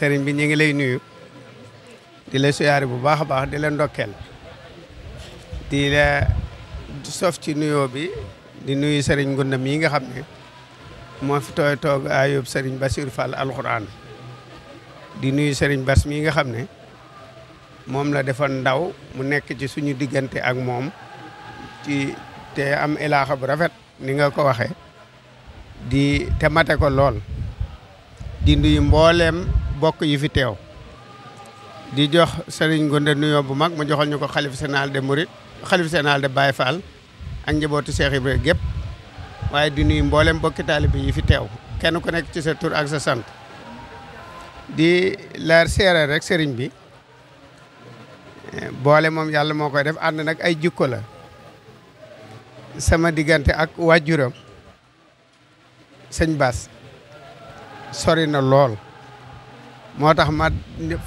sëriñ bi ñu ngi lay nuyu di la siyaare bu baax a baax di la ndokkeel di la sof ci nuyoo bi di nuyu sëriñ Ngunda mii nga xam ne moo fi tooy sëriñ Basiir Fall alxuraan di nuyu sëriñ Bas mii nga xam ne moom la defoon ndaw mu nekk ci suñu diggante ak moom ci te am ilaaxa bu rafet ni nga ko waxee di te mate ko lool di nuyu mbooleem bokk yi fi teew di jox Serigne Ngounde nuyoo bu mag mu joxal ko xalif général de Mouride xalif général de Baye Fall ak njabootu Cheikh Ibrahima gépp waaye di nuyu mboolem bokki taalibe yi fi teew kenn ku nekk ci sa tur ak sa sant di leer seere rek sëriñ bi boole moom yàlla moo koy def ànd nag ay jikko la sama diggante ak waajuram sëñ Bass sori na lool. moo tax ma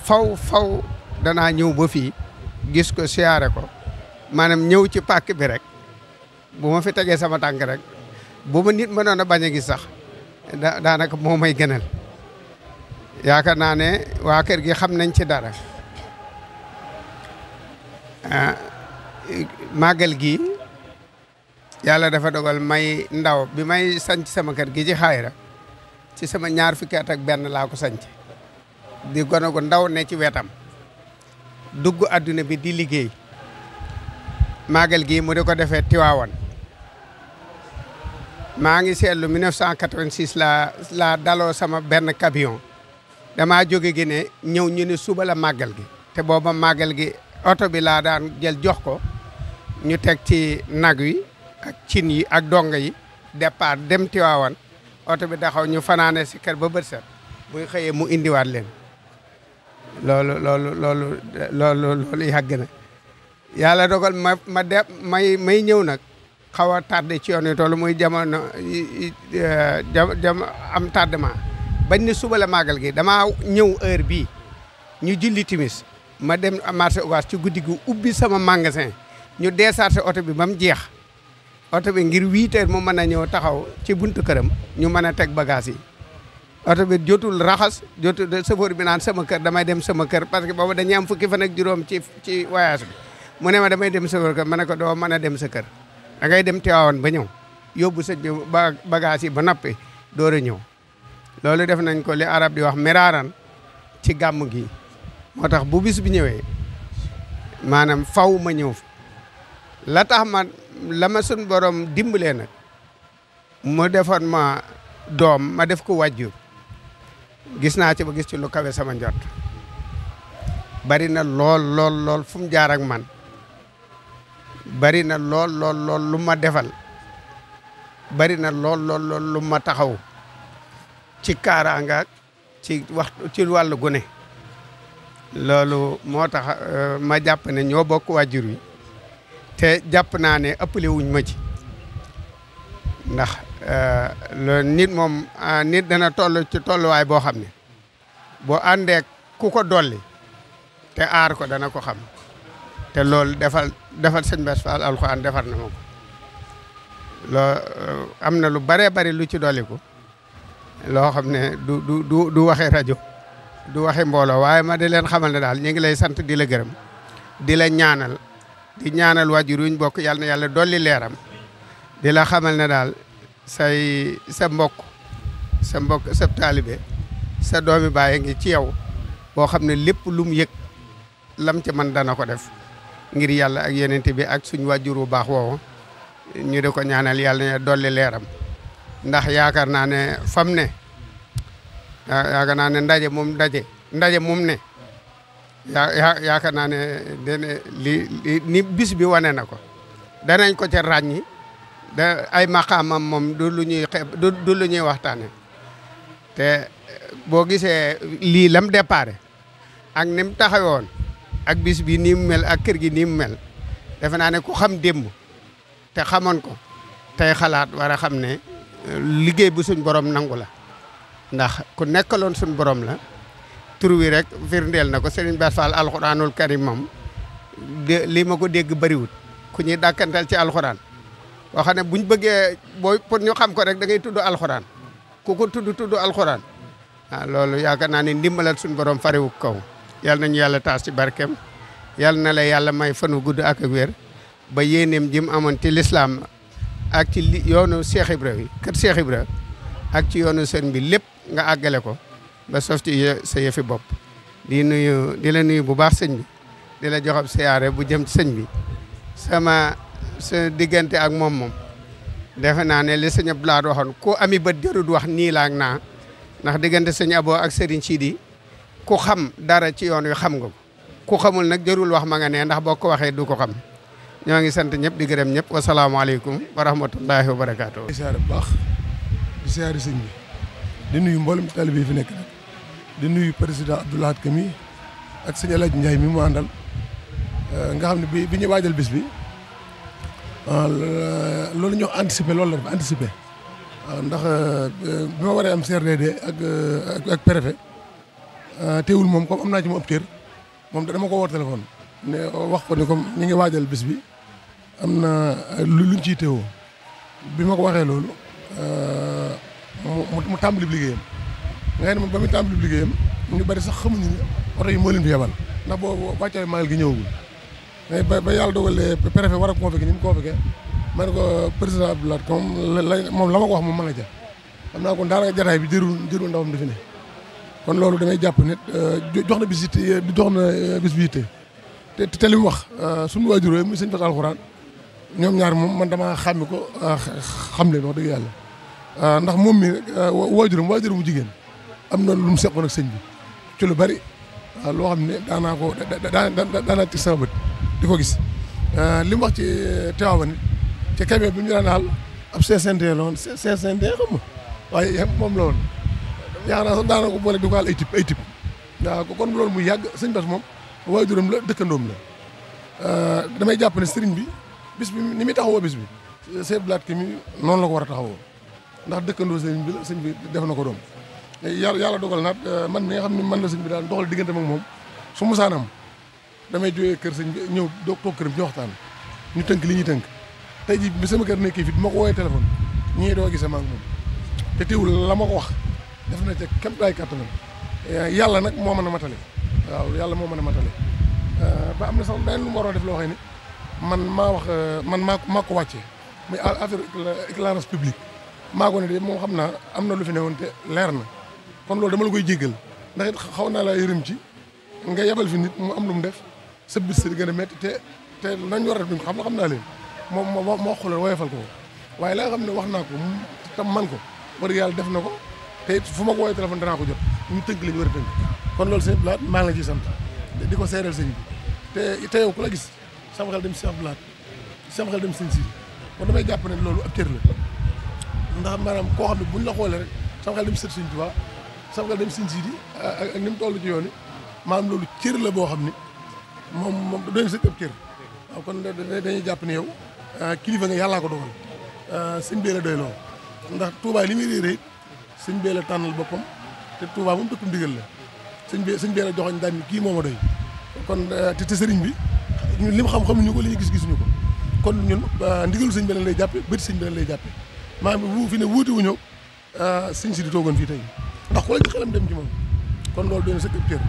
faw faw danaa ñëw ba fii gis ko siyaare ko maanaam ñëw ci pàkk bi rek bu ma fi tegee sama tànk rek bu ma nit mënoon a bañ a gis sax da daanaka moo may gënal yaakaar naa ne waa kër gi xam nañ ci dara ah, màggal gi yàlla dafa dogal may ndaw bi may sanc sama kër gi ci xaayra ci sama ñaar fukki at benn laa ko sañc di gone gu ndaw ne ci wetam dugg adduna bi di liggéey maagal gi mu di ko defee Tiwaawan maa ngi seetlu 1986 la la daloo sama benn camion damaa jóge gi ne ñëw ñu ne suba la màggal gi te booba màggal gi oto bi laa daan jël jox ko ñu teg ci nag wi ak cin yi ak dongo yi départ dem Tiwaawan oto bi taxaw ñu fanaane si kër ba bët set buy xëyee mu indiwaat leen loolu loolu loolu loolu loolu yàgg yàlla dogal ma ma de may may ñëw nag xaw a tardé ci yoon wi toll muy jamono eh, jam am tardement bañ ne suba la màggal gi damaa ñëw heure bii ñu julli timis ma dem marché Ocass ci guddi gi ubbi sama magasin ñu déchargé oto bi ba jeex oto bi ngir huit mu mën a ñëw taxaw ci buntu këram ñu mën a teg bagage yi auto bi jotul raxas jotul chauffeur bi nan sama kër damay dem sama kër parce que boobu dañuy am fukki fan ak juróom ci ci voyage bi mu ne ma damay dem sa kër mané ko do mané dem sa kër da ngay dem tiawon ba sa bagage yi ba nappé do ra ñew lolu def nañ ko li arab di wax miraran ci gam gi motax mana bu bis bi ñewé manam faw ma ñew la tax ma lama sun borom dimbalee nak mu defon ma dom, ma def ko gis naa ci ba gis ci lu kawe sama njot bari na lool lool lool fum jaarak man bari na lool lool lool ma defal bari na lool lool lool lu taxaw ci kaaraanga ci waxtu ci wàllu gune loolu moo tax euh, ma jàpp ne ñoo bokk waajur wi te jàpp naa ne ëppale wuñ ma ci ndax Euh, loolu nit moom euh, nit dana toll ci tolluwaay boo xam ne boo àndeek ku ko dolli te aar ko dana ko xam te lool defal defal sëñ Bass Fall alxuraan defar na ma ko loo euh, am na lu baree bari lu ci dolliku loo xam ne du du du du waxee rajo du waxee mbooloo waaye ma di leen xamal ne daal ñu ngi lay sant di la gërëm di la ñaanal di ñaanal waajur yuñ bokk yàlla na yàlla dolli leeram di la xamal ne daal say sa mbokk sa mbokk sa taalibe sa doomi baay ngi ci yow boo xam ne lépp lum yëg lam ca man dana ko def ngir yàlla ak yenente bi ak suñu wàjjur wu baax woowu ñu di ko ñaanal yàlla ne dolli leeram ndax yaakaar naa ne fam ne yaakaar naa ne ndaje moom ndaje ndaje moom ne yaa yaakaar naa ne dene li ni bis bi wane na ko danañ ko ca ràññi da ay maqaamam moom du ñuy xeeb ñuy waxtaane te boo gisee lii lam déparé ak ni mu taxawoon ak bis bi ni mu mel ak kër gi nii mu mel defe naa ne ku xam démb te xamoon ko tey xalaat war a xam ne liggéey bu suñ borom nangu la ndax ku nekkaloon suñ borom la tur wi rek firndeel na ko Serigne Bass Fall alxuraanul karim moom de lii ma ko dégg bariwut ku ñuy dàkkantal ci alxuraan waxane buñ bëggé boy pour ñu xam ko rek da ngay tuddu alcorane ku ko tuddu tuddu alcorane ah loolu yaakaar naa ne ndimbalal suñu borom wu kaw yalla nañu yalla taas ci barkem yalla na la yalla may fanu gudd ak ak wër ba yéeneem jim amon ci l'islam ak ci yoonu Cheikh ibrahim kat Cheikh ibrahim ak ci yoonu seen bi lepp nga àggale ko ba softi sa yefi bop di nuyu di la nuyu bu baax sëñ bi di la joxam siyaare bu jëm ci bi sama sa digënté ak mom mom def na né li sëñ Abdou waxon ko ami bët jarut wax ni la ak na ndax digënté sëñ Abo ak serigne Sidi ku xam dara ci yoon yu xam nga ko ku xamul nak jarul wax ma nga né ndax boko ko du ko xam ñoo ngi sant ñëpp di gërëm ñëpp alaykum wa rahmatullahi wa barakaatu. di siyaare bu baax di siyaare bi di nuyu mbolum talibi fi nek nak di nuyu président Abdou Lahad ak sëñ El Hadj mi mu andal nga xamni bi ñu waajal bis bi. Ah, loolu ñoo anticiper loolu la def anticiper ah, ndax euh, bi ma waree am CRDD euh, ak ak préfet ah, teewul moom comme am naa ci mu ëpp cër moom dama ko woo téléphone ne wax ko ni comme ñu ngi waajal bis bi am na euh, lu ciy teewoo bi ma ko waxee loolu mu mu tàmbali liggéeyam nga ne moom ba muy tàmbali liggéeyam ñu bari sax xamuñu ne oto yi moo leen fi yebal ndax boo wàccee magal gi ñëwagul. ba ba yàlla dogalee préfet war a convoqué ni mu koo ma man ko président Abdoulaye moom la moom la ma ko wax moom ma nga ja xam naa kon daanaka jataay bi jërul jërul ndawam dafi ne kon loolu damay jàpp ne euh, jox na bis it jox na euh, bis bi li mu wax euh, suñu waajur yi muy sëñ Fass alxuraan ñoom ñaar moom man damaa xàmmi ko xam leen wax dëgg yàlla ndax moom mi waajuram waajuram mu jigéen am na lu mu seqoon ak sëñ bi ci lu bari loo xam ne daanaa ko daanaa daanaa ci sama bët di ko gis euh, li mu wax ci euh, Tivaouane ci camion bi ñu daan naal ab CCNT la woon CCNT xam nga waaye moom la woon yaakaar naa sax daana boole di ko àll ay type ay type ko kon loolu muy yàgg sëñ Bass moom waajuram la dëkkandoom la euh, damay jàpp ne sëriñ bi bis bi ni muy taxaw taxawoo bis bi seen blaat ki mi noonu la ko war a taxawoo ndax dëkkandoo sëriñ bi la sëñ bi def na ko doom yàlla yàlla dogal naat man mi nga xam ne man la sëñ bi daal doxal diggante ak moom su musaanam damay jógee kër sëñ ñëw doog toog këram ñu waxtaan ñu tënk li ñuy tënk tey jii bi sama kër nekkee fii bi ma ko woowee téléphone ñii doo gise ma ak moom la ma ko wax def na ca kéem taay eh, yàlla nag moo mën a matale waaw yàlla moo mën a matale eh, ba am na sax benn lu mu waroo def loo xam ne man maa wax eh, man maa ko maa ko wàccee muy affaire éclairage public maa moom xam naa am na lu fi newoon te leer na kon loolu dama la koy jéggal ndax it xaw naa laa yërëm ci nga yebal fi nit mu am lu mu def. sa bis si di te te nañ war a def xam naa leen moom moo moo xulal woyofal ko waaye la nga xam ne wax naa ko tam man ko war yàlla def na ko te it ma ko woowee téléphone ko jot ñu tënk li ñu war a tënk kon loolu sëñ Blaat maa ngi la ciy sant di ko seereel sëñ bi te te ku la gis sama dem si Cheikh Blaat sama dem sëñ si kon damay jàpp ne loolu ab cër la ndax maanaam koo xam ne buñ la xoolee rek sama xel dem sët sëñ Tuubaa sama xel si di ak ni mu toll ci yoon yi maanaam loolu cër la boo xam ni moom moom doy na sëkk ab cër kon dañuy jàpp ne yow euh, kilifa nga yàllaa ko dogal euh, sëñ bee la doy loo ndax Touba li muy réeré sëñ bee tànnal boppam te Touba moom dëkkum ndigal la sëñ bee sëñ bee la joxoñ daan kii moo ma doy kon euh, te te sëriñ bi ñun li xam xamuñu ko li ñu gis gisuñu ko kon ñun ndigalu sëñ bi lay jàppe bëti sëñ bi lañ lay jàppe maam bu fi ne wuute wuñu sëñ si di toogoon fii tey ndax ku la dem ci moom kon loolu doy na sëkk cër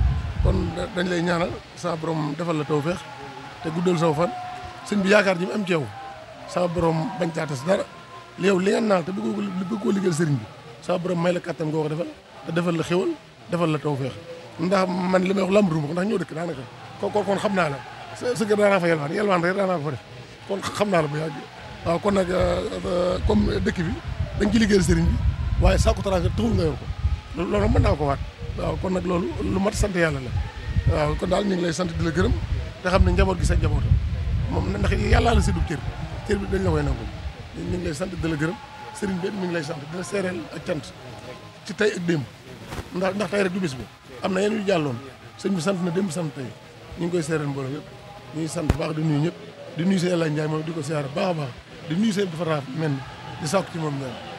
kon dañ lay ñaanal sa borom defal la tawféex te guddal saw fan sëñ bi yaakaar ji mu am ci yow sa borom bañ caa tas dara li yow li nga naal te bëggoo bëggoo liggéeyal sëriñ bi sa borom may la kàttan goo ko defal te defal la xéwal defal la man li may wax lamb ruum ndax ñoo dëkk daanaka ko ko kon xam naa la sa rek xam naa bu yàgg waaw kon nag euh, comme dëkk bi dañ ci liggéeyal sëriñ bi waaye sàkku teraanga taxul nga loolu mën naa ko waat waaw kon nag loolu lu mat sant yàlla la waaw kon daal ñu ngi lay sant di la gërëm te xam ne njaboot gi sa njaboot moom ndax yàllaa la si dub cër cër bi dañ la koy nangu ñu ngi lay sant di la gërëm sëriñ bi mi ngi lay sant di la seereel ci tey ak démb ndax ndax tey rek bi am na yenn yu jàlloon sëñ bi sant na démb sant tey ñu ngi koy seereel mbooloo yëpp ñu ngi sant baax di nuy ñëpp di nuyu seen El Hadj Ndiaye moom di ko siyaare baax a baax di nuyu seen Dafa Raaf mel di sàkku ci moom ñaan